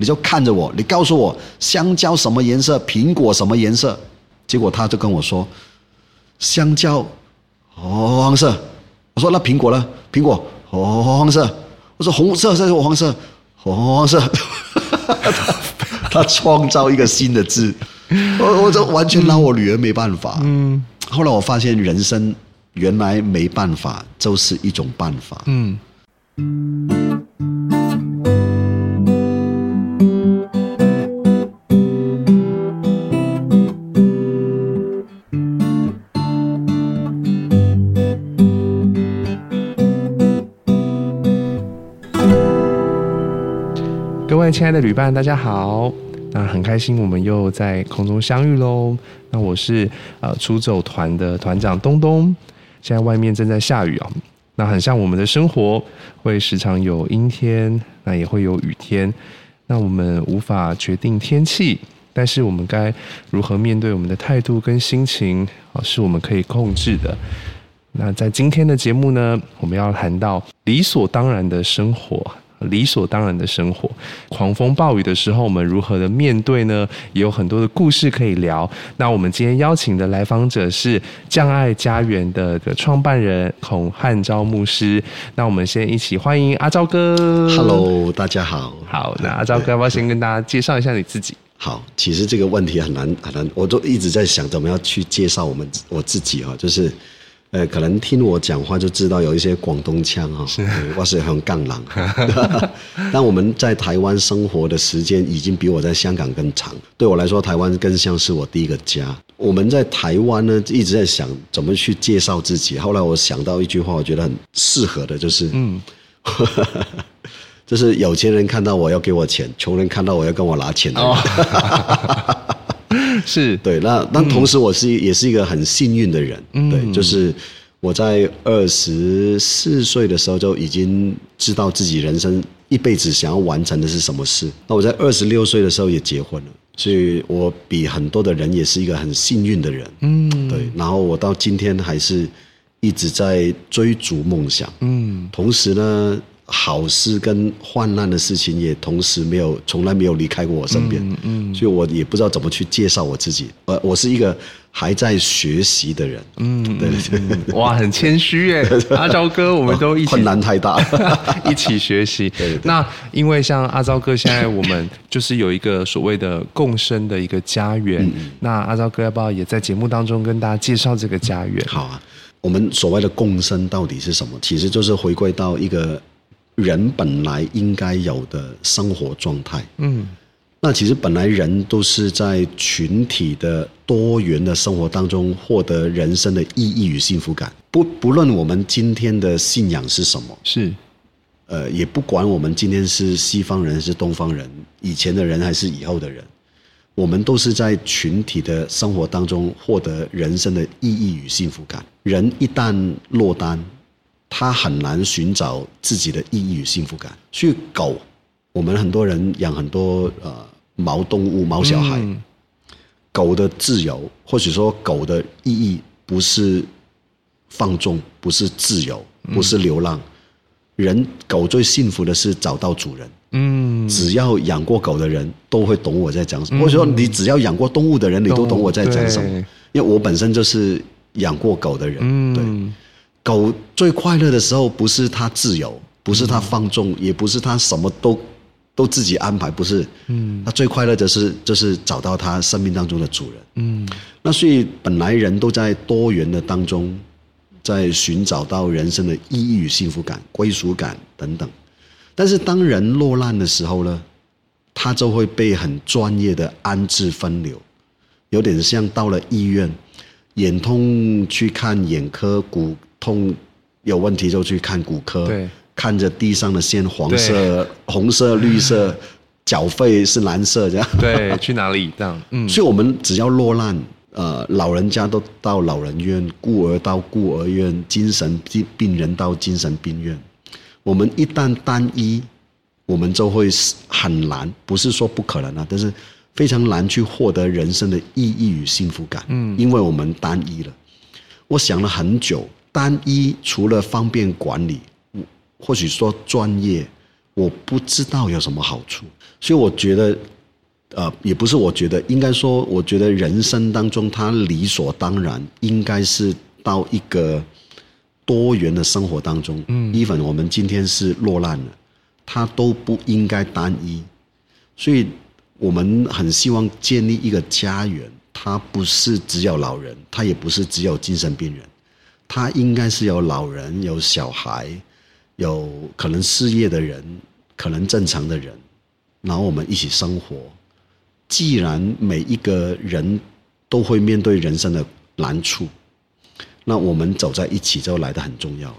你就看着我，你告訴我香蕉什麼顏色，蘋果什麼顏色？結果他就跟我說，香蕉，哦，黃色。我說那蘋果呢？蘋果黃、哦、黃色。我說紅色，這是我黃色，黃、哦、黃色 他。他創造一個新的字，我我就完全拿我女兒沒辦法。嗯。後來我發現，人生原來沒辦法，就是一種辦法。嗯。親愛的旅伴，大家好！那很開心，我們又在空中相遇嘍。那我是呃出走團的團長東東。現在外面正在下雨啊，那很像我們的生活，會時常有陰天，那也會有雨天。那我們無法決定天氣，但是我們該如何面對？我們的態度跟心情，哦，是我們可以控制的。那在今天的節目呢，我們要談到理所當然的生活。理所當然的生活，狂風暴雨的時候，我們如何的面對呢？也有很多的故事可以聊。那我們今天邀請的來訪者是匠愛家園的創辦人孔漢釗牧師。那我們先一起歡迎阿釗哥。Hello，大家好。好，那阿釗哥要不要先跟大家介紹一下你自己？好，其實這個問題很難很難，我都一直在想怎麼樣去介紹我們我自己啊，就是。呃，可能聽我講話就知道有一些廣東腔、哦、是我是、嗯、很槓狼。 但我們在台灣生活的時間已經比我在香港更長，對我來說，台灣更像是我第一個家。我們在台灣呢，一直在想怎麼去介紹自己。後來我想到一句話，我覺得很適合的，就是嗯， 就是有錢人看到我要給我錢，窮人看到我要跟我拿錢的。哦 是對。那但同時我是也是一個很幸運的人，嗯，對，就是我在二十四歲的時候就已經知道自己人生一輩子想要完成的是什麼事。那我在二十六歲的時候也結婚了，所以我比很多的人也是一個很幸運的人，嗯，對。然後我到今天還是一直在追逐夢想，嗯，同時呢。好事跟患難的事情也同時沒有，從來沒有離開過我身邊，嗯嗯、所以我也不知道怎麼去介紹我自己。呃，我是一個還在學習的人，嗯，對，嗯嗯、哇，很謙虛耶， 阿釗哥，我們都一起、哦、困難太大， 一起學習，對對對。那因為像阿釗哥，現在我們就是有一個所謂的共生的一個家園。嗯、那阿釗哥要不要也在節目當中跟大家介紹這個家園？好啊，我們所謂的共生到底是什麼？其實就是回歸到一個、嗯。人本來應該有的生活狀態，嗯，那其實本來人都是在群體的多元的生活當中獲得人生的意義與幸福感。不不論我們今天的信仰是什麼，是，呃，也不管我們今天是西方人還是東方人，以前的人還是以後的人，我們都是在群體的生活當中獲得人生的意義與幸福感。人一旦落單。他很難尋找自己的意義與幸福感。所以狗，我們很多人養很多呃毛動物、毛小孩、嗯。狗的自由，或許說狗的意義，不是放縱，不是自由，嗯、不是流浪。人狗最幸福的是找到主人。嗯，只要養過狗的人都會懂我在講什麼、嗯。或者說，你只要養過動物的人，你都懂我在講什麼。因為我本身就是養過狗的人。嗯。對狗最快樂的時候，不是它自由，不是它放縱、嗯，也不是它什麼都都自己安排，不是。嗯，它最快樂的是，就是找到它生命當中的主人。嗯，那所以本來人都在多元的當中，在尋找到人生的意義與幸福感、歸屬感等等。但是當人落難的時候呢，他就會被很專業的安置分流，有點像到了醫院，眼痛去看眼科，骨。痛有問題就去看骨科，對，看著地上的線黃色、紅色、綠色，繳 費是藍色這樣，對，去哪裡這樣？嗯，所以我們只要落難，呃，老人家都到老人院，孤兒到孤兒院，精神病病人到精神病院。我們一旦單一，我們就會很難，不是說不可能啊，但是非常難去獲得人生的意義與幸福感。嗯，因為我們單一了。我想了很久。單一除了方便管理，或許說專業，我不知道有什麼好處。所以我覺得，呃，也不是我覺得，應該說，我覺得人生當中，他理所當然應該是到一個多元的生活當中。嗯，even 我們今天是落難了，他都不應該單一，所以我們很希望建立一個家園，他不是只有老人，他也不是只有精神病人。他應該是有老人，有小孩，有可能失業的人，可能正常的人，然後我們一起生活。既然每一個人都會面對人生的難處，那我們走在一起就來得很重要，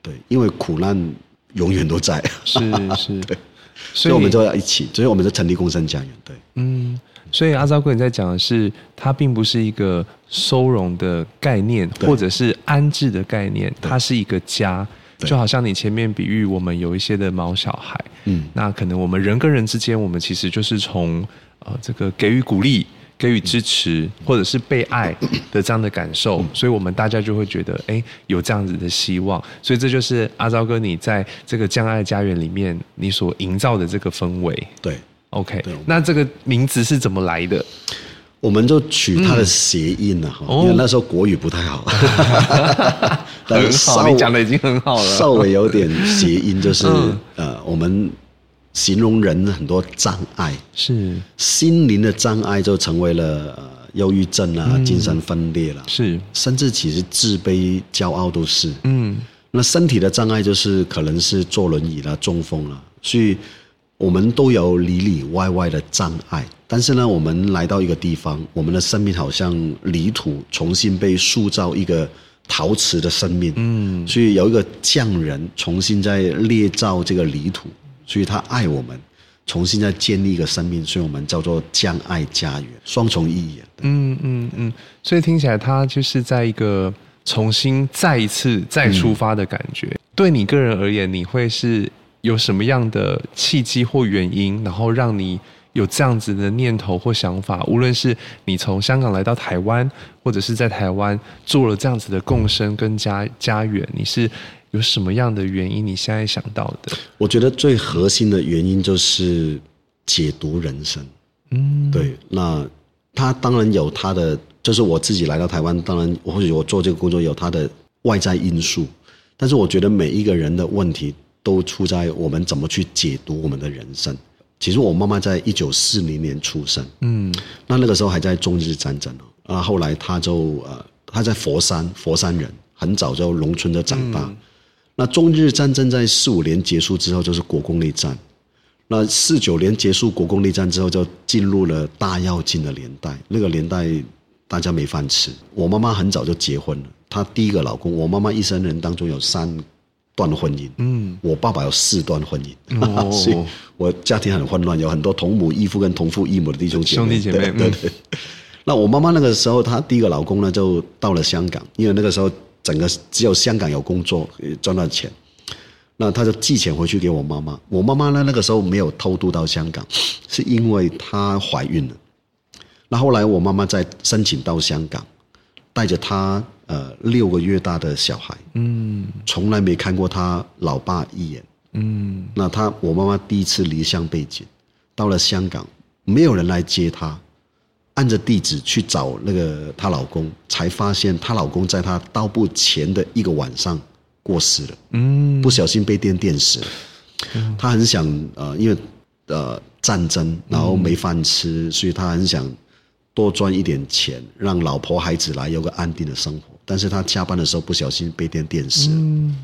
對，因為苦難永遠都在，是是， 對所，所以我們就要一起，所以我們就成立共生家園，對，嗯。所以阿釗哥你在講的是，它並不是一個收容的概念，或者是安置的概念，它是一個家，就好像你前面比喻我們有一些的毛小孩，嗯，那可能我們人跟人之間，我們其實就是從呃這個給予鼓勵、給予支持、嗯，或者是被愛的這樣的感受，嗯，所以我們大家就會覺得，哎，有這樣子的希望，所以這就是阿釗哥你在這個匠愛家園裡面你所營造的這個氛圍，對。OK，那這個名字是怎麼來的？我們就取它的諧音了哈、嗯，因為那時候國語不太好。哦、 但很好，你講的已經很好了，稍微有點諧音，就是、嗯、呃，我們形容人很多障礙，是心靈的障礙就成為了呃憂鬱症啊、嗯、精神分裂了，是甚至其實自卑、驕傲都是。嗯，那身體的障礙就是可能是坐輪椅了、啊、中風了、啊，所以。我們都有裡裡外外的障礙，但是呢，我們來到一個地方，我們的生命好像泥土重新被塑造一個陶瓷的生命，嗯，所以有一個匠人重新在捏造這個泥土，所以他愛我們，重新在建立一個生命，所以我們叫做匠愛家園，雙重意義。嗯嗯嗯，所以聽起來他就是在一個重新再一次再出發的感覺。嗯、對你個人而言，你會是。有什麼樣的契機或原因，然後讓你有這樣子的念頭或想法？無論是你從香港來到台灣，或者是在台灣做了這樣子的共生跟家、嗯、家園，你是有什麼樣的原因？你現在想到的？我覺得最核心的原因就是解讀人生。嗯，對。那他當然有他的，就是我自己來到台灣，當然或許我做這個工作有他的外在因素。但是我覺得每一個人的問題。都出在我們怎麼去解讀我們的人生。其實我媽媽在一九四零年出生，嗯，那那個時候還在中日戰爭哦。啊，後來她就呃，她在佛山，佛山人，很早就農村的長大，嗯。那中日戰爭在四五年結束之後，就是國共內戰。那四九年結束國共內戰之後，就進入了大躍進的年代。那個年代大家沒飯吃。我媽媽很早就結婚了，她第一個老公，我媽媽一生人當中有三。段婚姻，嗯，我爸爸有四段婚姻，哦，所以我家庭很混亂，有很多同母異父跟同父異母的弟兄姐妹。兄弟姐妹，對對，對，嗯。那我媽媽那個時候，她第一個老公呢，就到了香港，因為那個時候整個只有香港有工作賺到錢，那他就寄錢回去給我媽媽。我媽媽呢，那個時候沒有偷渡到香港，是因為她懷孕了。那後來我媽媽再申請到香港。帶着他呃六個月大的小孩，嗯，從來沒看過他老爸一眼，嗯，那他，我媽媽第一次離鄉背井，到了香港沒有人來接她，按着地址去找那個她老公，才發現她老公在她到步前的一個晚上過世了，嗯，不小心被電電死了。她很想呃，因為呃戰爭然後沒飯吃，嗯，所以她很想。多賺一點錢，讓老婆孩子來有個安定的生活。但是他加班的時候不小心被電電死了。嗯、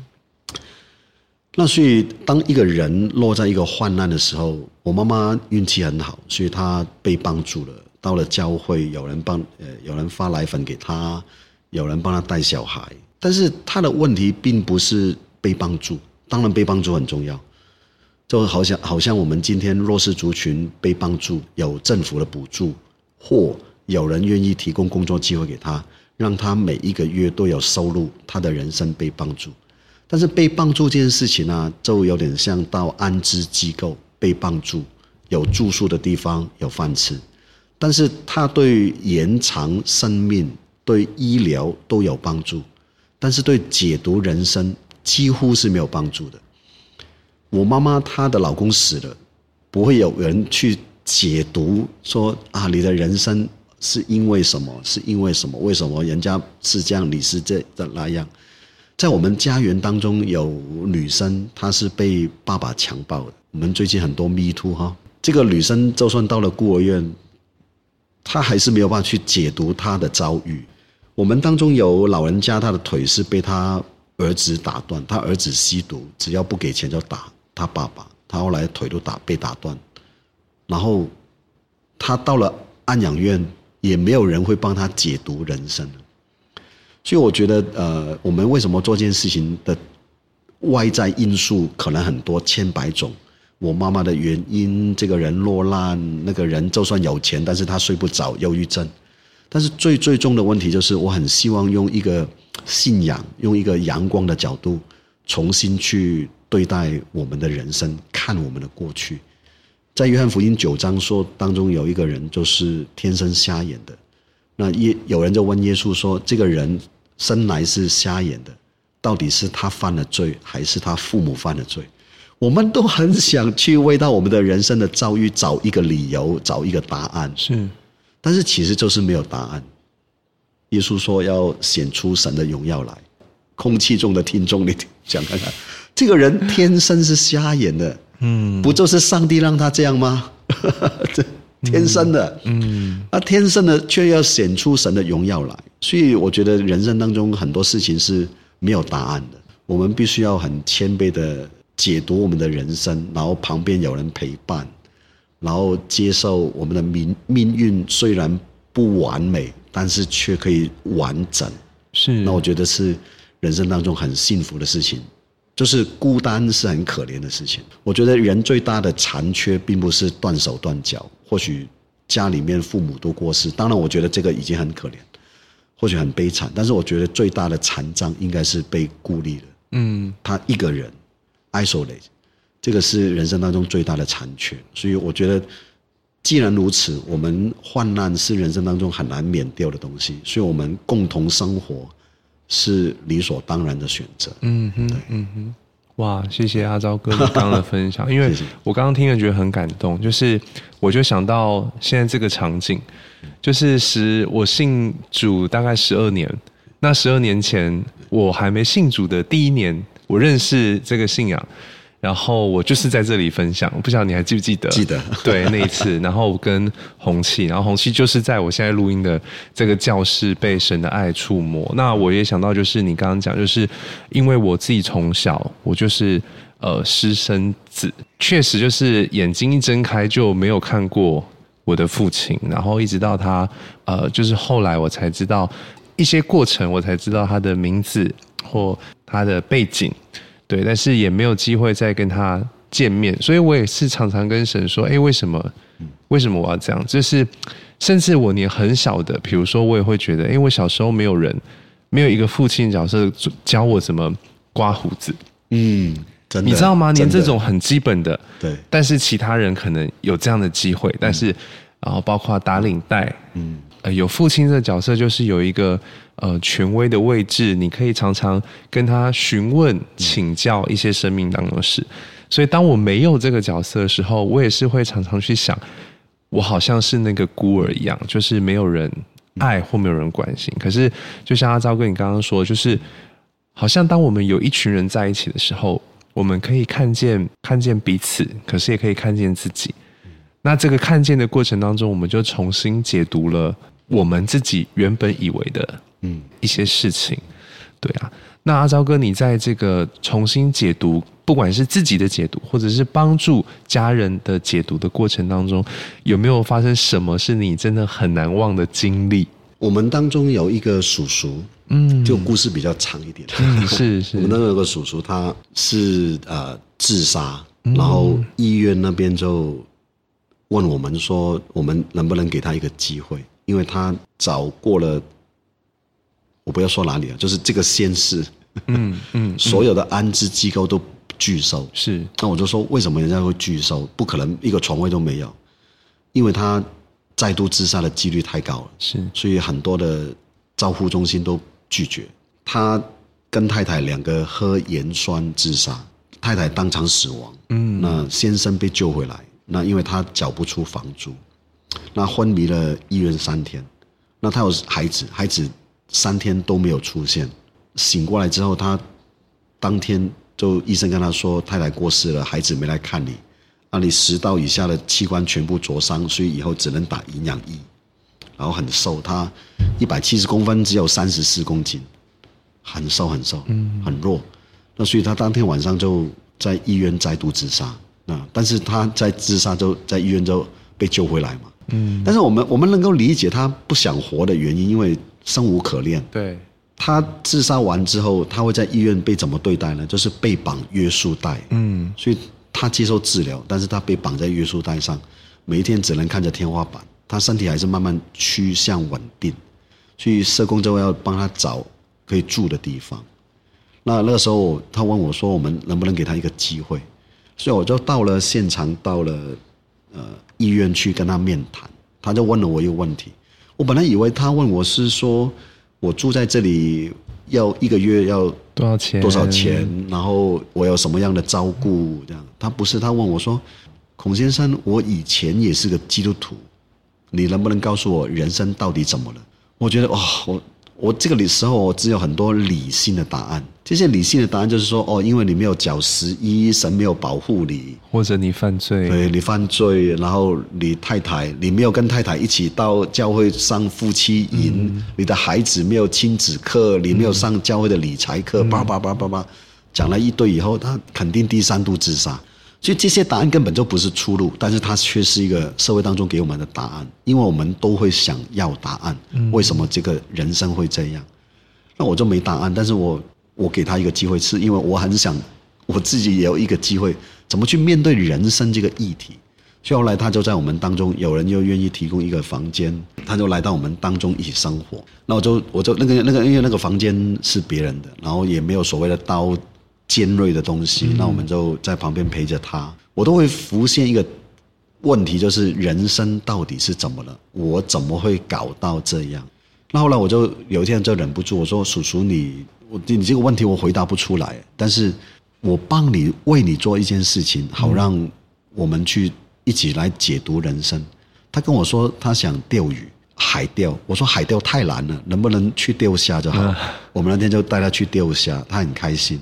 那所以當一個人落在一個患難的時候，我媽媽運氣很好，所以她被幫助了。到了教會有，有人幫呃，有人發奶粉給她，有人幫她帶小孩。但是他的問題並不是被幫助，當然被幫助很重要。就好像好像我們今天弱勢族群被幫助，有政府的補助。或有人願意提供工作機會給他，讓他每一個月都有收入，他的人生被幫助。但是被幫助這件事情呢，啊，就有點像到安置機構被幫助，有住宿的地方，有飯吃。但是他對延長生命、對醫療都有幫助，但是對解讀人生幾乎是沒有幫助的。我媽媽她的老公死了，不會有人去。解讀說啊，你的人生是因為什麼？是因為什麼？為什麼人家是這樣，你是這的那樣？在我們家園當中，有女生她是被爸爸強暴的。我們最近很多 MeToo 哈，這個女生就算到了孤兒院，她還是沒有辦法去解讀她的遭遇。我們當中有老人家，他的腿是被他兒子打斷，他兒子吸毒，只要不給錢就打他爸爸，他後來腿都打被打斷。然後，他到了安養院，也沒有人會幫他解讀人生。所以我覺得，呃，我們為什麼做這件事情的外在因素可能很多，千百種。我媽媽的原因，這個人落難，那個人就算有錢，但是他睡不着，憂鬱症。但是最最終的問題就是，我很希望用一個信仰，用一個陽光的角度，重新去對待我們的人生，看我們的過去。在約翰福音九章說當中，有一個人就是天生瞎眼的。那耶有人就問耶穌說：“這個人生來是瞎眼的，到底是他犯了罪，還是他父母犯了罪？”我們都很想去為到我們的人生的遭遇找一個理由，找一個答案。是，但是其實就是沒有答案。耶穌說要顯出神的榮耀來。空氣中的聽眾，你想看看，這個人天生是瞎眼的。嗯，不就是上帝讓他這樣嗎？這 天生的，嗯，那、嗯啊、天生的卻要顯出神的榮耀來。所以我覺得人生當中很多事情是沒有答案的。我們必須要很謙卑的解讀我們的人生，然後旁邊有人陪伴，然後接受我們的命命運雖然不完美，但是卻可以完整。是，那我覺得是人生當中很幸福的事情。就是孤單是很可憐的事情。我覺得人最大的殘缺，並不是斷手斷腳，或許家裡面父母都過世，當然我覺得這個已經很可憐，或許很悲慘。但是我覺得最大的殘障應該是被孤立了。嗯，他一個人 isolate 這個是人生當中最大的殘缺。所以我覺得，既然如此，我們患難是人生當中很難免掉的東西，所以我們共同生活是理所當然的選擇。嗯哼，嗯哼，哇，謝謝阿昭哥剛剛的分享， 因為我剛剛聽了覺得很感動，就是我就想到現在這個場景，就是十，我信主大概十二年，那十二年前我還沒信主的第一年，我認識這個信仰。然後我就是在這裡分享，不知道你還記不記得？記得。對，對那一次， 然後我跟紅旗，然後紅旗就是在我現在錄音的這個教室被神的愛觸摸。那我也想到，就是你剛剛講，就是因為我自己從小我就是呃私生子，確實就是眼睛一睜開就沒有看過我的父親，然後一直到他呃，就是後來我才知道一些過程，我才知道他的名字或他的背景。對，但是也沒有機會再跟他見面，所以我也是常常跟神說：“哎、欸，為什麼？為什麼我要這樣？”就是，甚至我連很小的，比如說，我也會覺得，哎、欸，我小時候沒有人，沒有一個父親角色教我怎麼刮鬍子。嗯，真的，你知道嗎？連這種很基本的，的，對，但是其他人可能有這樣的機會，但是、嗯，然後包括打領帶，嗯，呃、有父親的角色就是有一個。呃，權威的位置，你可以常常跟他詢問、請教一些生命當中的事。嗯、所以，當我沒有這個角色的時候，我也是會常常去想，我好像是那個孤兒一樣，就是沒有人愛或沒有人關心。嗯、可是，就像阿釗哥你剛剛說，就是好像當我們有一群人在一起的時候，我們可以看見看見彼此，可是也可以看見自己、嗯。那這個看見的過程當中，我們就重新解讀了我們自己原本以為的。嗯，一些事情，對啊。那阿釗哥，你在這個重新解讀，不管是自己的解讀，或者是幫助家人的解讀的過程當中，有沒有發生什麼是你真的很難忘的經歷？我們當中有一個叔叔，嗯，就故事比較長一點。是是，我們當中有個叔叔，他是呃自殺，嗯，然後醫院那邊就問我們說，我們能不能給他一個機會，因為他早過了。我不要說哪裡了，就是這個縣市，嗯嗯嗯，所有的安置機構都拒收。是，那我就說為什麼人家會拒收？不可能一個床位都沒有，因為他再度自殺的幾率太高了。是，所以很多的照護中心都拒絕。他跟太太兩個喝鹽酸自殺，太太當場死亡。嗯，那先生被救回來，那因為他繳不出房租，那昏迷了醫院三天，那他有孩子，孩子。三天都沒有出現，醒過來之後，他當天就醫生跟他說：“太太過世了，孩子沒來看你，那你食道以下的器官全部灼傷，所以以後只能打營養液。”然後很瘦，他一百七十公分，只有三十四公斤，很瘦很瘦，很弱，嗯嗯。那所以他當天晚上就在醫院再度自殺。那但是他在自殺就在醫院就被救回來嘛，嗯。但是我們我們能夠理解他不想活的原因，因為。生無可戀。對，他自殺完之後，他會在醫院被怎麼對待呢？就是被綁約束帶。嗯，所以他接受治療，但是他被綁在約束帶上，每一天只能看着天花板。他身體還是慢慢趨向穩定，所以社工就會要幫他找可以住的地方。那那個時候，他問我說：“我們能不能給他一個機會？”所以我就到了現場，到了呃醫院去跟他面談。他就問了我一個問題。我本來以為他問我是說，我住在這裡要一個月要多少錢？多少錢？然後我有什麼樣的照顧？這樣，他不是，他問我說，孔先生，我以前也是個基督徒，你能不能告訴我人生到底怎麼了？我覺得哇、哦，我我這個的時候我只有很多理性的答案。這些理性的答案就是說，哦，因為你沒有繳十一，神沒有保護你，或者你犯罪，對，你犯罪，然後你太太，你沒有跟太太一起到教會上夫妻營、嗯、你的孩子沒有親子課，你沒有上教會的理財課，叭叭叭叭叭，講了一堆以後，他肯定第三度自殺。所以這些答案根本就不是出路，但是它卻是一個社會當中給我們的答案，因為我們都會想要答案，嗯、為什麼這個人生會這樣？那我就沒答案，但是我。我給他一個機會吃，是因為我很想我自己也有一個機會，怎麼去面對人生這個議題。所以後來他就在我們當中，有人又願意提供一個房間，他就來到我們當中一起生活。那我就我就那個那個因為那個房間是別人的，然後也沒有所謂的刀尖銳的東西、嗯，那我們就在旁邊陪着他。我都會浮現一個問題，就是人生到底是怎麼了？我怎麼會搞到這樣？那後來我就有一天就忍不住，我說：“叔叔你。”我你這個問題我回答不出來，但是我幫你為你做一件事情，好讓我們去一起來解讀人生。他跟我說他想釣魚，海釣。我說海釣太難了，能不能去釣蝦就好。嗯。我們那天就帶他去釣蝦，他很開心。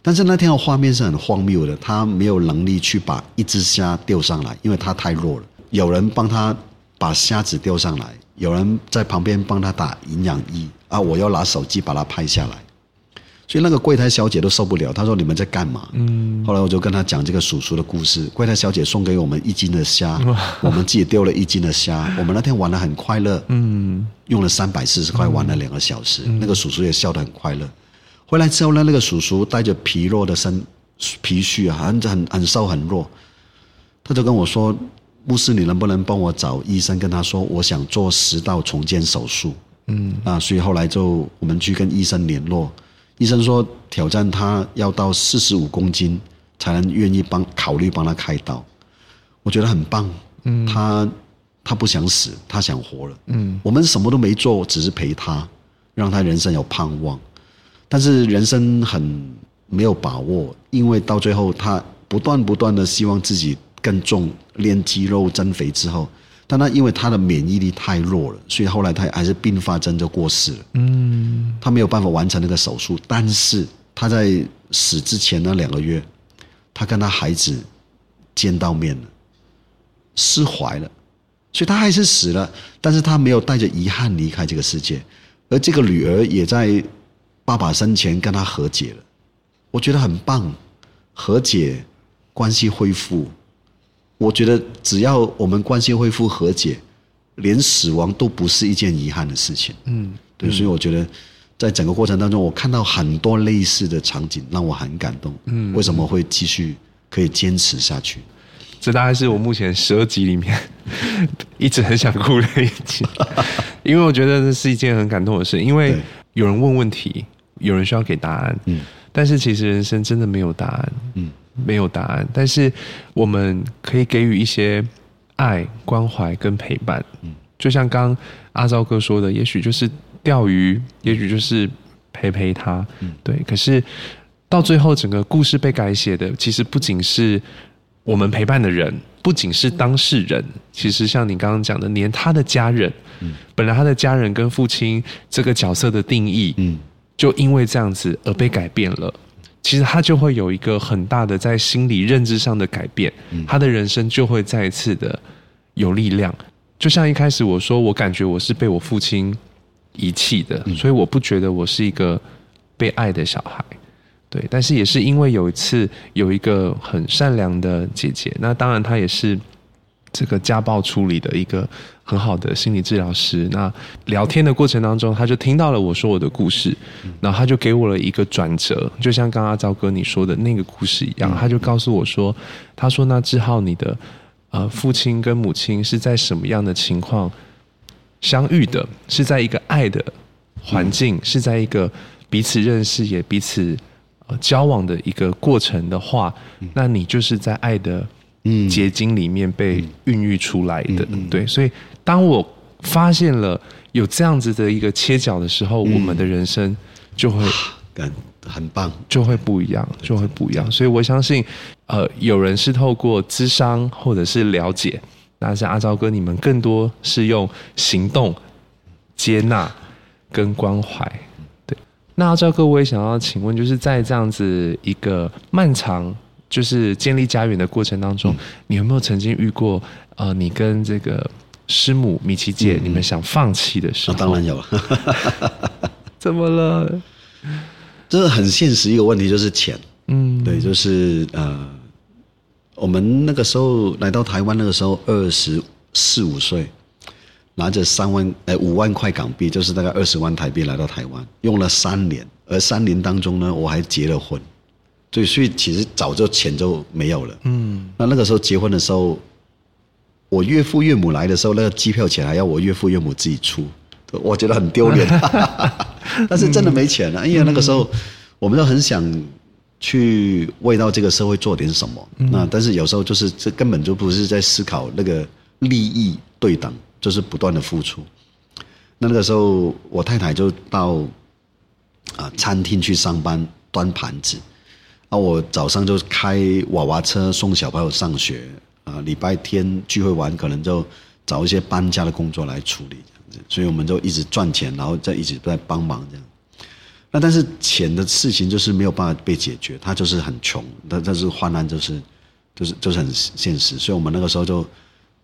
但是那天的畫面是很荒謬的，他沒有能力去把一隻蝦釣上來，因為他太弱了。有人幫他把蝦子釣上來，有人在旁邊幫他打營養液啊！我要拿手機把它拍下來。所以那個櫃檯小姐都受不了，她說：“你們在幹嘛？”嗯。後來我就跟她講這個叔叔的故事。櫃檯小姐送給我們一斤的蝦，我們自己丟了一斤的蝦。我們那天玩得很快樂，嗯，用了三百四十塊玩了兩個小時，嗯。那個叔叔也笑得很快樂。回來之後呢，那個叔叔帶着疲弱的身、皮虛啊，很很很瘦很弱，他就跟我說：“牧師，你能不能幫我找醫生，跟他說我想做食道重建手術？”嗯。啊，所以後來就我們去跟醫生聯絡。醫生說，挑戰他要到四十五公斤才能願意幫考慮幫他開刀。我覺得很棒，嗯。他他不想死，他想活了，嗯。我們什麼都沒做，只是陪他，讓他人生有盼望。但是人生很沒有把握，因為到最後他不斷不斷的希望自己更重，練肌肉增肥之後，但他因為他的免疫力太弱了，所以後來他還是併發症就過世了，嗯。他沒有辦法完成那個手術，但是他在死之前那兩個月，他跟他孩子見到面了，釋懷了，所以他還是死了，但是他沒有帶着遺憾離開這個世界，而這個女兒也在爸爸生前跟他和解了，我覺得很棒。和解，關係恢復，我覺得只要我們關係恢復和解，連死亡都不是一件遺憾的事情。嗯，對，對，所以我覺得。在整個過程當中，我看到很多類似的場景，讓我很感動。嗯，為什麼會繼續可以堅持下去？這大概是我目前十二集裡面一直很想哭的一集， 因為我覺得這是一件很感動的事。因為有人問問題，有人需要給答案。嗯，但是其實人生真的沒有答案。嗯，沒有答案，但是我們可以給予一些愛、關懷跟陪伴。嗯，就像剛剛阿昭哥說的，也許就是。釣魚，也許就是陪陪他、嗯，對。可是到最後，整個故事被改寫的，其實不僅是我們陪伴的人，不僅是當事人，嗯、其實像你剛剛講的，連他的家人、嗯，本來他的家人跟父親這個角色的定義、嗯，就因為這樣子而被改變了、嗯。其實他就會有一個很大的在心理認知上的改變，嗯、他的人生就會再一次的有力量。就像一開始我說，我感覺我是被我父親遺棄的，所以我不覺得我是一個被愛的小孩，對。但是也是因為有一次有一個很善良的姐姐，那當然她也是這個家暴處理的一個很好的心理治療師。那聊天的過程當中，她就聽到了我說我的故事，然後她就給我了一個轉折，就像剛剛趙哥你說的那個故事一樣，她就告訴我說：“她說那志浩，你的呃父親跟母親是在什麼樣的情況？”相遇的是在一個愛的環境、嗯，是在一個彼此認識也彼此交往的一個過程的話，嗯、那你就是在愛的結晶裡面被孕育出來的。嗯嗯嗯、對，所以當我發現了有這樣子的一個切角的時候、嗯，我們的人生就會很、啊、很棒，就會不一樣，就會不一樣。所以我相信，呃，有人是透過諮商或者是了解。但是阿昭哥，你們更多是用行動接納跟關懷，對。那阿昭哥，我也想要請問，就是在這樣子一個漫長，就是建立家園的過程當中，嗯，你有沒有曾經遇過呃，你跟這個師母米奇姐，嗯嗯，你們想放棄的時候？啊，當然有。 怎麼了？這個就是很現實一個問題，就是錢。嗯。對，就是呃。我們那個時候來到台灣，那個時候二十四五歲，拿着三萬呃、哎、五萬塊港幣，就是大概二十萬台幣來到台灣，用了三年，而三年當中呢，我還結了婚，所以所以其實早就錢就沒有了。嗯，那那個時候結婚的時候，我岳父岳母來的時候，那個機票錢還要我岳父岳母自己出，我覺得很丟臉、啊，但是真的沒錢了、啊嗯。因為那個時候我們都很想。去為到這個社會做點什麼，那但是有時候就是這根本就不是在思考那個利益對等，就是不斷的付出。那那個時候，我太太就到啊餐廳去上班端盤子，啊我早上就開娃娃車送小朋友上學，啊禮拜天聚會完可能就找一些搬家的工作來處理這樣子，所以我們就一直賺錢，然後再一直在幫忙這樣。那但是錢的事情就是沒有辦法被解決，他就是很窮，但但是患難就是就是就是很現實，所以我們那個時候就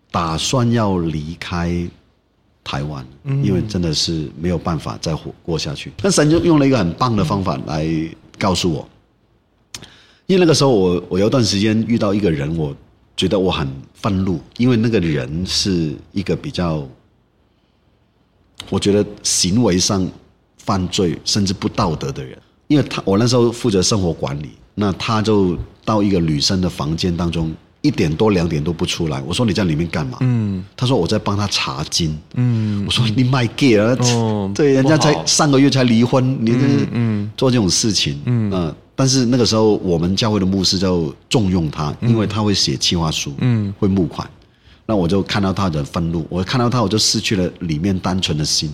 打算要離開台灣，嗯、因為真的是沒有辦法再活過下去。那神就用了一個很棒的方法來告訴我，因為那個時候我我有段時間遇到一個人，我覺得我很憤怒，因為那個人是一個比較，我覺得行為上。犯罪甚至不道德的人，因為他我那時候負責生活管理，那他就到一個女生的房間當中，一點多兩點都不出來。我說你在裡面幹嘛？嗯，他說我在幫他查經。嗯，我說你賣 gay 啊？哦、 對，人家才上個月才離婚，哦嗯、你這嗯做這種事情嗯,嗯，但是那個時候我們教會的牧師就重用他，嗯、因為他會寫企劃書，嗯，會募款，那我就看到他的憤怒，我看到他我就失去了裡面單純的心。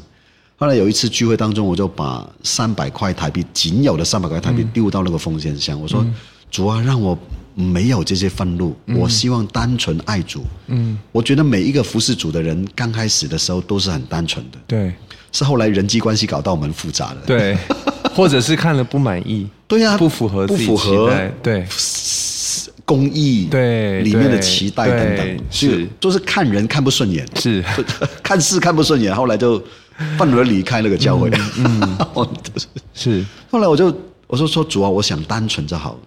後來有一次聚會當中，我就把三百塊台幣，僅有的三百塊台幣丟到那個奉獻箱。我說：“主啊，讓我沒有這些憤怒。”我希望單純愛主。嗯，我覺得每一個服事主的人，剛開始的時候都是很單純的。對，是後來人際關係搞到我們複雜了、嗯。嗯嗯、雜的對， 或者是看了不滿意。對啊，不符合自己對不符合對公益對裡面的期待等等，是都是看人看不順眼，是 看事看不順眼。後來就。憤而離開那個教會、嗯，是、嗯。 後來我就我說，說主啊，我想單純就好了，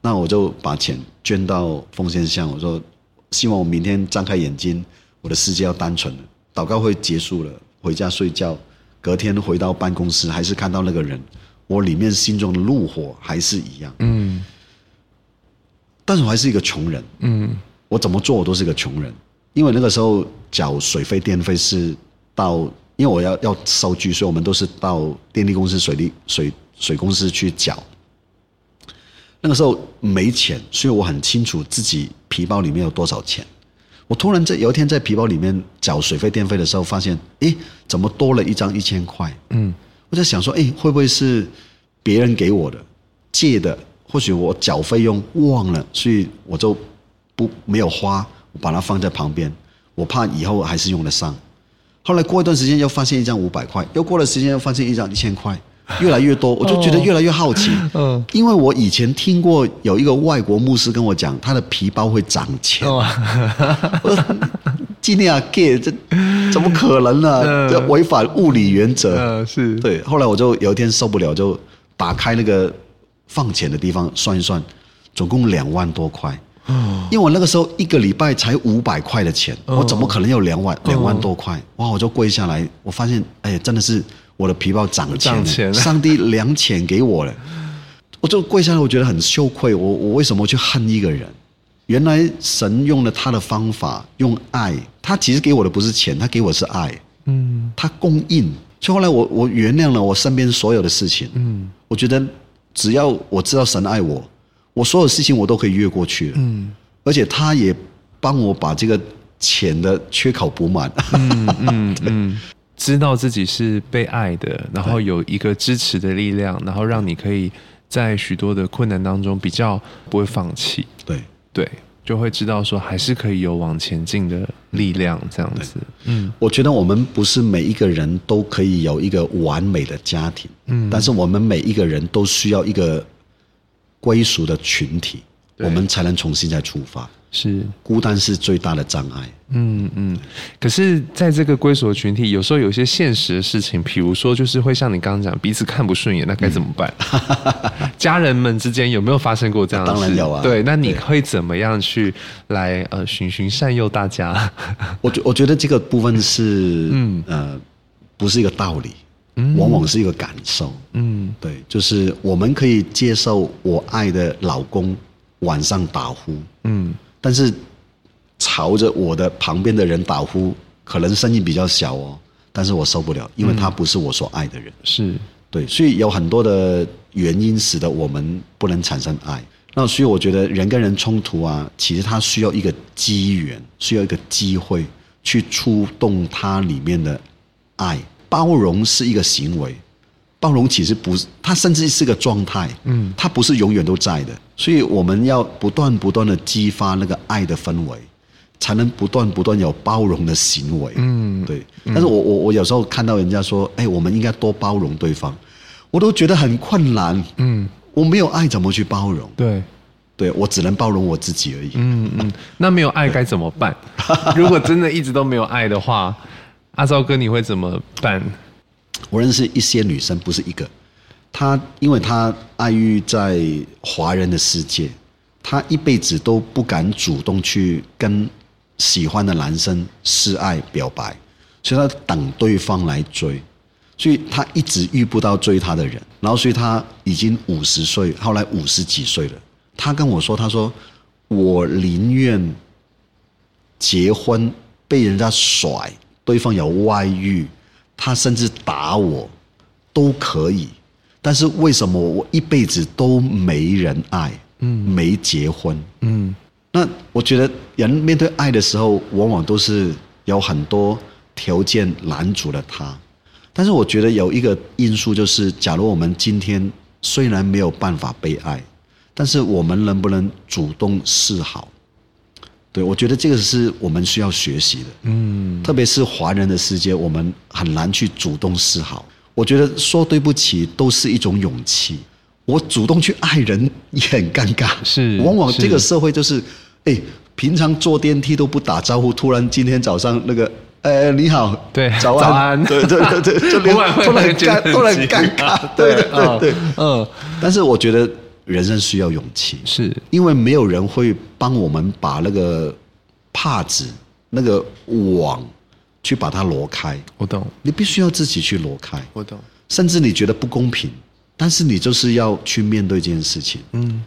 那我就把錢捐到奉獻箱。我說，希望我明天張開眼睛，我的世界要單純。禱告會結束了，回家睡覺，隔天回到辦公室還是看到那個人，我裡面心中的怒火還是一樣。嗯。但是我還是一個窮人。嗯。我怎麼做我都是一個窮人，因為那個時候繳水費電費是到。因為我要要收據，所以我們都是到電力公司、水利、水、水公司去繳。那個時候沒錢，所以我很清楚自己皮包裡面有多少錢。我突然在有一天在皮包裡面繳水費、電費的時候，發現，誒，怎麼多了一張一千塊？嗯，我在想說，誒，會不會是別人給我的借的？或許我繳費用忘了，所以我就不沒有花，我把它放在旁邊，我怕以後還是用得上。後來過一段時間又發現一張五百塊，又過了時間又發現一張一千塊，越來越多，我就覺得越來越好奇、哦哦。因為我以前聽過有一個外國牧師跟我講，他的皮包會漲錢、哦。我說今天啊，gay 這怎麼可能呢、啊？這、呃、違反物理原則。呃、是對。後來我就有一天受不了，就打開那個放錢的地方算一算，總共兩萬多塊。因為我那個時候一個禮拜才五百塊的錢、哦，我怎麼可能有兩萬、哦、兩萬多塊？哇！我就跪下來，我發現，哎呀，真的是我的皮包漲錢了，了，上帝量錢給我了， 我就跪下來，我覺得很羞愧，我我為什麼去恨一個人？原來神用了他的方法，用愛，他其實給我的不是錢，他給我是愛，嗯，他供應，所以後來我我原諒了我身邊所有的事情，嗯，我覺得只要我知道神愛我。我所有事情我都可以越過去，嗯，而且他也幫我把這個錢的缺口補滿，嗯嗯, 嗯,嗯，知道自己是被愛的，然後有一個支持的力量，然後讓你可以在許多的困難當中比較不會放棄，對對，就會知道說還是可以有往前進的力量，嗯，這樣子，嗯，我覺得我們不是每一個人都可以有一個完美的家庭，嗯，但是我們每一個人都需要一個。歸屬的群體，我們才能重新再出發。是孤單是最大的障礙。嗯嗯，可是在這個歸屬的群體，有時候有一些現實的事情，比如說就是會像你剛剛講，彼此看不順眼，那該怎麼辦？嗯、 家人們之間有沒有發生過這樣的事？啊、當然有啊。對，那你會怎麼樣去來呃循循善誘大家？ 我我覺得這個部分是嗯呃不是一個道理。往往是一個感受，嗯，對，就是我們可以接受我愛的老公晚上打呼，嗯，但是朝着我的旁邊的人打呼，可能聲音比較小哦，但是我受不了，因為他不是我所愛的人，嗯、是，對，所以有很多的原因使得我們不能產生愛，那所以我覺得人跟人衝突啊，其實他需要一個機緣，需要一個機會去觸動他裡面的愛。包容是一個行為，包容其實不是，是它甚至是個狀態，嗯，它不是永遠都在的，所以我們要不斷不斷的激發那個愛的氛圍，才能不斷不斷有包容的行為，嗯，對。但是我、嗯、我我有時候看到人家說，哎，我們應該多包容對方，我都覺得很困難，嗯，我沒有愛怎麼去包容？對，對我只能包容我自己而已，嗯嗯。那沒有愛該怎麼辦？如果真的一直都沒有愛的話。阿昭哥，你會怎麼辦？我認識一些女生，不是一個，她因為她礙於在華人的世界，她一輩子都不敢主動去跟喜歡的男生示愛表白，所以她等對方來追，所以她一直遇不到追她的人，然後所以她已經五十歲，後來五十幾歲了，她跟我說，她說我寧願結婚被人家甩。對方有外遇，他甚至打我都可以，但是為什麼我一輩子都沒人愛？嗯，沒結婚？嗯，那我覺得人面對愛的時候，往往都是有很多條件攔阻了他。但是我覺得有一個因素就是，假如我們今天雖然沒有辦法被愛，但是我們能不能主動示好？對，我覺得這個是我們需要學習的。嗯，特別是華人的世界，我們很難去主動示好。我覺得說對不起都是一種勇氣。我主動去愛人也很尷尬。是，往往這個社會就是，哎，平常坐電梯都不打招呼，突然今天早上那個，哎，你好，對，早安，對對對對，對對對對對就連 突然突然尷突然 尷尬，對對、啊、對，嗯、哦哦。但是我覺得。人生需要勇氣，是，因為沒有人會幫我們把那個帕子、那個網去把它挪開。我懂，你必須要自己去挪開。我懂，甚至你覺得不公平，但是你就是要去面對這件事情。嗯，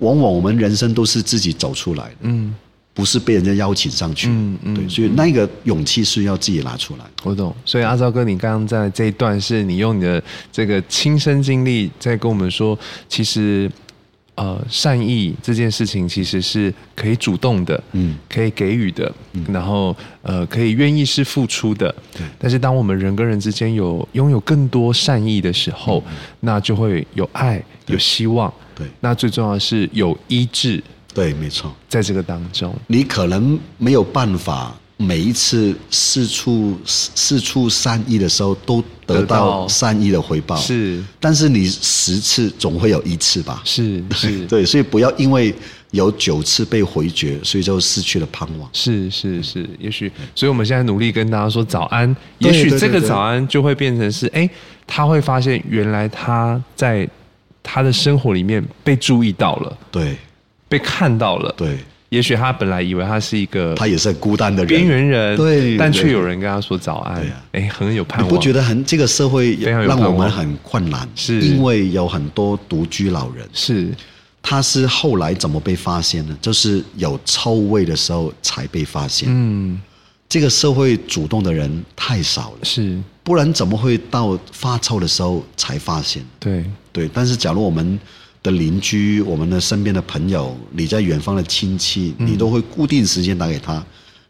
往往我們人生都是自己走出來的。嗯。不是被人家邀請上去，對、嗯，對、嗯，所以那個勇氣是要自己拿出來。我懂。所以阿昭哥，你剛剛在這一段，是你用你的這個親身經歷在跟我們說，其實，呃，善意這件事情其實是可以主動的，嗯，可以給予的，嗯、然後呃，可以願意是付出的。對、嗯嗯。但是當我們人跟人之間有擁有更多善意的時候，嗯嗯、那就會有愛、嗯，有希望。對。那最重要的是有醫治。對，沒錯，在這個當中，你可能沒有辦法每一次釋出釋出善意的時候都得到善意的回報，是。但是你十次總會有一次吧？是是，對，所以不要因為有九次被回絕，所以就失去了盼望。是是是，也許，所以我們現在努力跟大家說早安，也許這個早安就會變成是，哎、欸，他會發現原來他在他的生活裡面被注意到了，對。被看到了，對。也許他本來以為他是一個，他也是孤單的人邊緣人，對。但卻有人跟他說早安，哎、啊，很有盼望。你不覺得很這個社會讓我們很困難？是，因為有很多獨居老人。是，他是後來怎麼被發現的？就是有臭味的時候才被發現。嗯，這個社會主動的人太少了，是。不然怎麼會到發臭的時候才發現？對對，但是假如我們。的鄰居，我們的身邊的朋友，你在遠方的親戚、嗯，你都會固定時間打給他。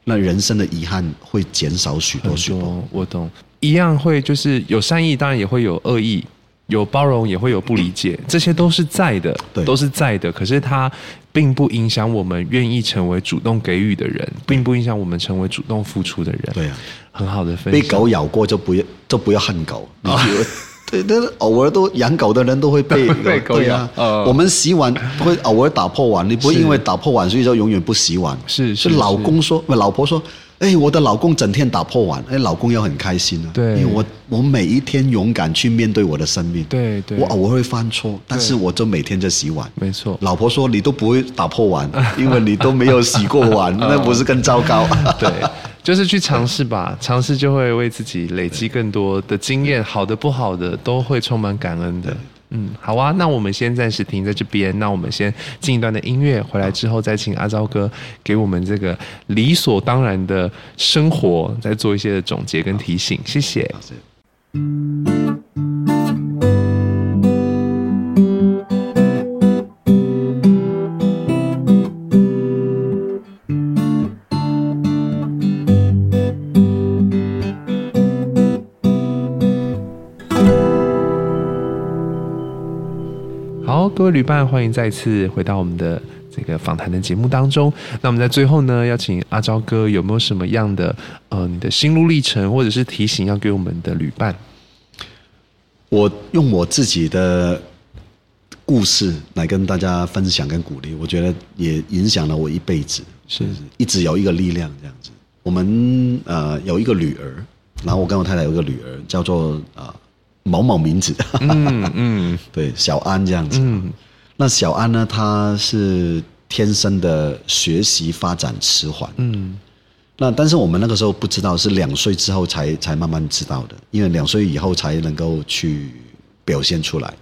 那人生的遺憾會減少許多許多，很多。我懂，一樣會就是有善意，當然也會有惡意，有包容也會有不理解，嗯、這些都是在的對，都是在的。可是它並不影響我們願意成為主動給予的人，並不影響我們成為主動付出的人。對啊，很好的分享。被狗咬過就不要，就不要恨狗。啊 對，那偶爾都養狗的人都會被，被對呀、啊哦，我們洗碗會偶爾打破碗，你不會因為打破碗，所以說永遠不洗碗，是是老公說是是，老婆說。哎，我的老公整天打破碗，哎，老公又很開心呢、啊。對，因為我我每一天勇敢去面對我的生命。對對，哇，我偶爾會，會犯錯，但是我就每天在洗碗。沒錯，老婆說你都不會打破碗， 因為你都沒有洗過碗， 那不是更糟糕？ 對，就是去嘗試吧，嘗試就會為自己累積更多的經驗，好的不好的都會充滿感恩的。嗯，好啊，那我們先暫時停在這邊。那我們先進一段的音樂，回來之後再請阿釗哥給我們這個理所當然的生活，再做一些的總結跟提醒。謝謝。旅伴，歡迎再次回到我們的這個訪談的節目當中。那我們在最後呢，邀請阿釗哥，有沒有什麼樣的呃，你的心路歷程，或者是提醒要給我們的旅伴？我用我自己的故事來跟大家分享跟鼓勵，我覺得也影響了我一輩子，是,是,是，一直有一個力量這樣子。我們呃有一個女兒，然後我跟我太太有一個女兒，叫做啊。呃某某名字嗯，嗯嗯， 對，小安這樣子。嗯。那小安呢？他是天生的學習發展遲緩。嗯，那但是我們那個時候不知道，是兩歲之後才才慢慢知道的，因為兩歲以後才能夠去表現出來。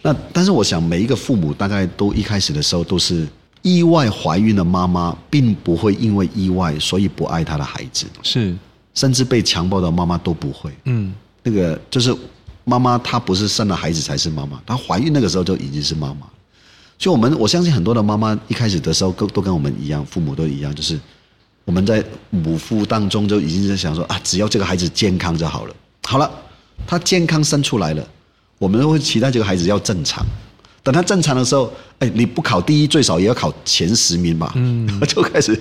那但是我想，每一個父母大概都一開始的時候都是意外懷孕的媽媽，並不會因為意外所以不愛她的孩子，是甚至被強暴的媽媽都不會。嗯。那個就是媽媽，她不是生了孩子才是媽媽，她懷孕那個時候就已經是媽媽。所以，我們我相信很多的媽媽一開始的時候都都跟我們一樣，父母都一樣，就是我們在母腹當中就已經在想說啊，只要這個孩子健康就好了。好了，他健康生出來了，我們會期待這個孩子要正常。等他正常的時候，哎，你不考第一，最少也要考前十名吧？嗯，就開始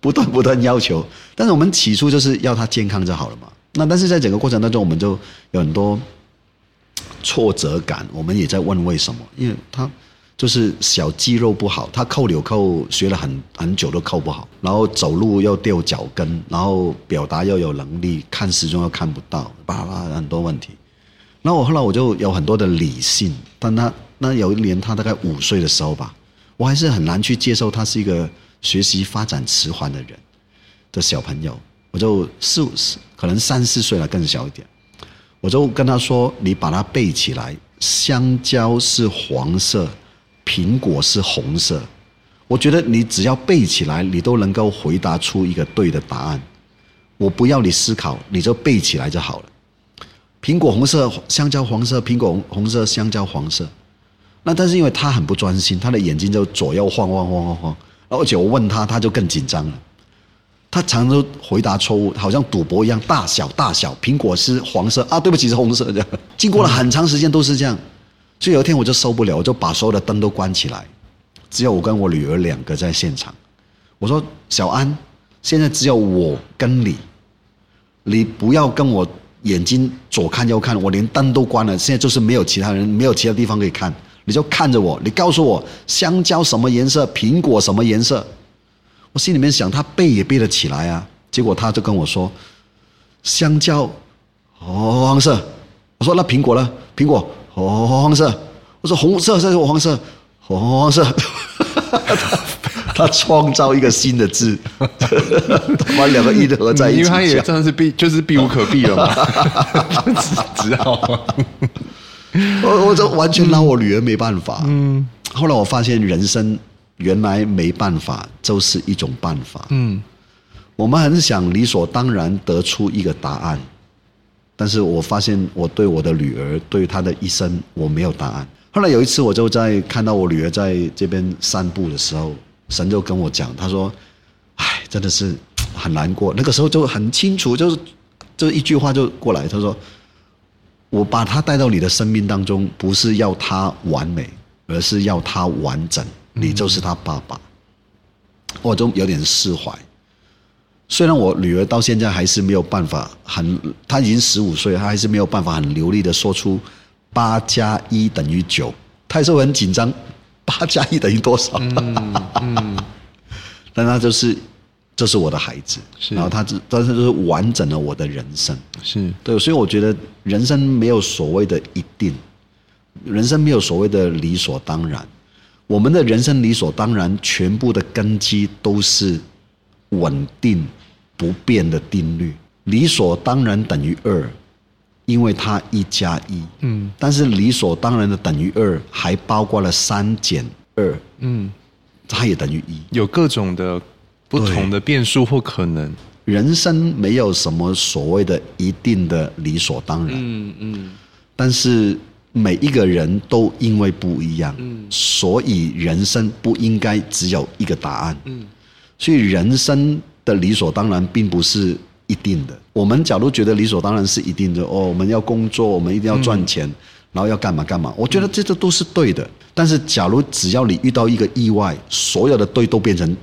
不斷不斷要求。但是我們起初就是要他健康就好了嘛。那但是在整個過程當中，我們就有很多挫折感。我們也在問為什麼，因為他就是小肌肉不好，他扣紐扣，扣學了很很久都扣不好，然後走路又掉腳跟，然後表達又有能力，看時鐘又看不到，巴拉很多問題。然後我後來我就有很多的理性，但他那有一年他大概五歲的時候吧，我還是很難去接受他是一個學習發展遲緩的人的小朋友。我就四五十四可能三四歲了，更小一點，我就跟他說：“你把它背起來，香蕉是黃色，蘋果是紅色。我覺得你只要背起來，你都能夠回答出一個對的答案。我不要你思考，你就背起來就好了。蘋果紅色，香蕉黃色，蘋果紅色，香蕉黃色。那但是因為他很不專心，他的眼睛就左右晃晃晃晃晃，而且我問他，他就更緊張了。”他常常回答錯誤，好像賭博一樣，大小大小，蘋果是黃色啊，對不起是紅色的。經過了很長時間都是這樣，所以有一天我就受不了，我就把所有的燈都關起來，只有我跟我女兒兩個在現場。我說：“小安，現在只有我跟你，你不要跟我眼睛左看右看，我連燈都關了，現在就是沒有其他人，沒有其他地方可以看，你就看着我，你告訴我香蕉什麼顏色，蘋果什麼顏色。”我心裡面想，他背也背得起來啊。結果他就跟我說：“香蕉，黃色。”我說：“那蘋果呢？”蘋果，黃黃色。我說：“紅色，這是黃色，黃黃色。”他創 造一個新的字，他把兩個億的合在一起，因為他也真的是避，就是避無可避了嘛。 我我完全拿我女兒沒辦法。嗯。後來我發現人生。原來沒辦法，就是一種辦法。嗯，我們很想理所當然得出一個答案，但是我發現我對我的女兒，對她的一生，我沒有答案。後來有一次，我就在看到我女兒在這邊散步的時候，神就跟我講，他說：“哎，真的是很難過。”那個時候就很清楚，就是就一句話就過來，他說：“我把她帶到你的生命當中，不是要她完美，而是要她完整。”你就是他爸爸，嗯、我就有點釋懷。雖然我女兒到現在還是沒有辦法很，她已經十五歲，她還是沒有辦法很流利的說出八加一等於九。她還是很緊張，八加一等於多少？嗯嗯、 但他就是，這、就是我的孩子，是然後他這，但是就是完整了我的人生。是對，所以我覺得人生沒有所謂的一定，人生沒有所謂的理所當然。我們的人生理所當然，全部的根基都是穩定不變的定律。理所當然等於二，因為它一加一。嗯。但是理所當然的等於二，還包括了三減二。嗯。它也等於一。有各種的不同的變數或可能。人生沒有什麼所謂的一定的理所當然。嗯嗯。但是。每一個人都因為不一樣，嗯，所以人生不應該只有一個答案，嗯。所以人生的理所當然並不是一定的。我們假如覺得理所當然是一定的，哦，我們要工作，我們一定要賺錢，嗯、然後要幹嘛幹嘛？我覺得這都都是對的，嗯。但是假如只要你遇到一個意外，所有的對都變成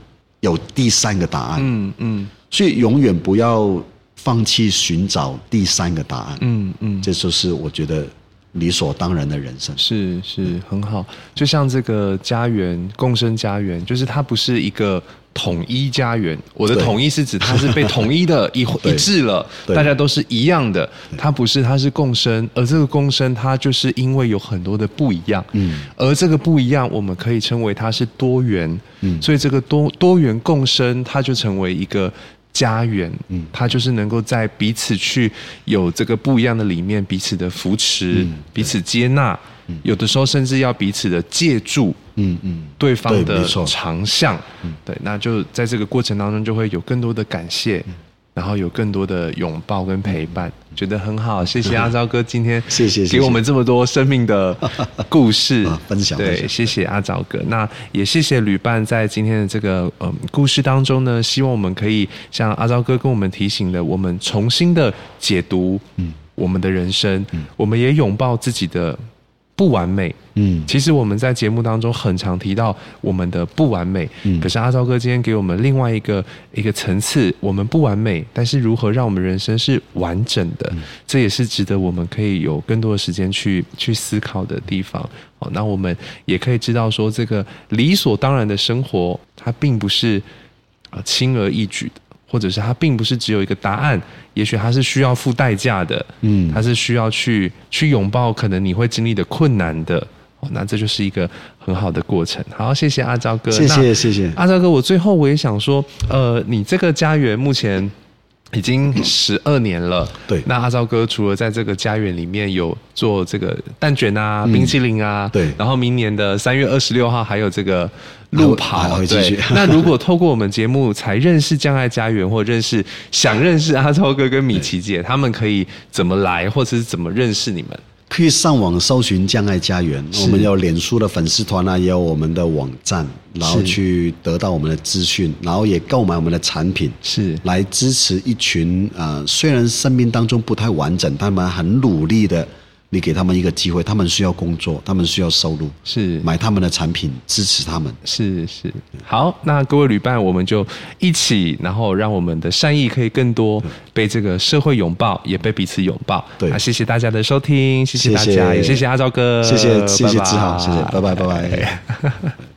有第三個答案。嗯嗯，所以永遠不要放棄尋找第三個答案。嗯嗯，這就是我覺得。理所當然的人生是是、嗯、很好，就像這個家園共生家園，就是它不是一個統一家園。我的統一是指它是被統一的一一致了，大家都是一樣的。它不是，它是共生，而這個共生，它就是因為有很多的不一樣。嗯，而這個不一樣，我們可以稱為它是多元。嗯，所以這個多多元共生，它就成為一個。家園，嗯，他就是能夠在彼此去有這個不一樣的理念，彼此的扶持，嗯、彼此接納、嗯，有的時候甚至要彼此的借助，嗯嗯，對方的長項，嗯，對，對，那就在這個過程當中就會有更多的感謝。嗯然後有更多的擁抱跟陪伴，嗯、覺得很好。嗯、謝謝阿釗哥今天，謝謝給我們這麼多生命的故事，謝謝謝謝 分享。對，謝謝阿釗哥、嗯，那也謝謝旅伴在今天的這個嗯故事當中呢，希望我們可以像阿釗哥跟我們提醒的，我們重新的解讀嗯我們的人生、嗯，我們也擁抱自己的。不完美，嗯，其實我們在節目當中很常提到我們的不完美，嗯，可是阿釗哥今天給我們另外一個一個層次，我們不完美，但是如何讓我們人生是完整的，嗯，這也是值得我們可以有更多的時間去去思考的地方。好，嗯，那我們也可以知道說，這個理所當然的生活，它並不是啊輕而易舉的。或者是它並不是只有一個答案，也許它是需要付代價的，嗯，它是需要去去擁抱可能你會經歷的困難的，oh, 那這就是一個很好的過程。好，謝謝阿釗哥，謝謝謝謝阿釗哥，我最後我也想說，呃，你這個家園目前。已經十二年了，嗯，對。那阿釗哥除了在這個家園裡面有做這個蛋卷啊、嗯、冰淇淋啊，對。然後明年的三月二十六號還有這個路跑， 那如果透過我們節目才認識匠愛家園，或認識想認識阿釗哥跟米奇姐，他們可以怎麼來，或者是怎麼認識你們？可以上網搜尋“匠愛家園”，我們有臉書的粉絲團啊，也有我們的網站，然後去得到我們的資訊，然後也購買我們的產品，是來支持一群啊、呃，雖然生命當中不太完整，但他們很努力的。你給他們一個機會，他們需要工作，他們需要收入，是買他們的產品，支持他們，是是。好，那各位旅伴，我們就一起，然後讓我們的善意可以更多被這個社會擁抱，也被彼此擁抱。對，謝謝大家的收聽，謝謝大家，謝謝也謝謝阿釗哥，謝謝拜拜謝謝志豪，謝謝，拜拜拜拜。嘿嘿